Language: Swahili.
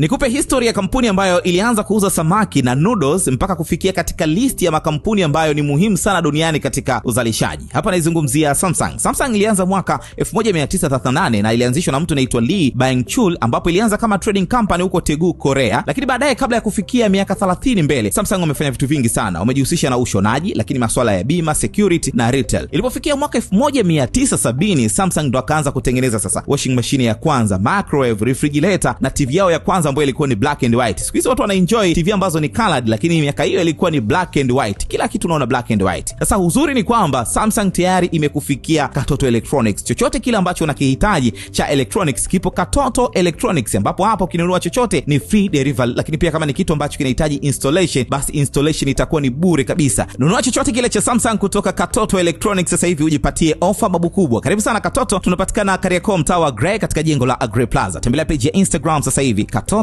Nikupe historia ya kampuni ambayo ilianza kuuza samaki na noodles mpaka kufikia katika listi ya makampuni ambayo ni muhimu sana duniani katika uzalishaji. Hapa naizungumzia Samsung. Samsung ilianza mwaka 1938 na ilianzishwa na mtu anaitwa Lee Byung-chul, ambapo ilianza kama trading company huko Tegu, Korea, lakini baadaye, kabla ya kufikia miaka 30 mbele, Samsung wamefanya vitu vingi sana. Wamejihusisha na ushonaji, lakini masuala ya bima, security na retail. Ilipofikia mwaka 1970 Samsung ndo akaanza kutengeneza sasa washing machine ya kwanza, microwave, refrigerator na TV yao ya kwanza ambayo ilikuwa ni black and white. Siku hizi watu wanaenjoy TV ambazo ni colored, lakini miaka hiyo ilikuwa ni black and white. Kila kitu unaona black and white. Sasa uzuri ni kwamba Samsung tayari imekufikia Katoto Electronics. Chochote kile ambacho unakihitaji cha electronics kipo Katoto Electronics, ambapo hapo ukinunua chochote ni free delivery, lakini pia kama ni kitu ambacho kinahitaji installation, basi installation itakuwa ni bure kabisa. Nunua chochote kile cha Samsung kutoka Katoto Electronics sasa hivi ujipatie ofa babu kubwa. Karibu sana Katoto, tunapatikana Kariakoo, mtaa wa Gray, katika jengo la Gray Plaza. Tembelea page ya Instagram sasa hivi Katoto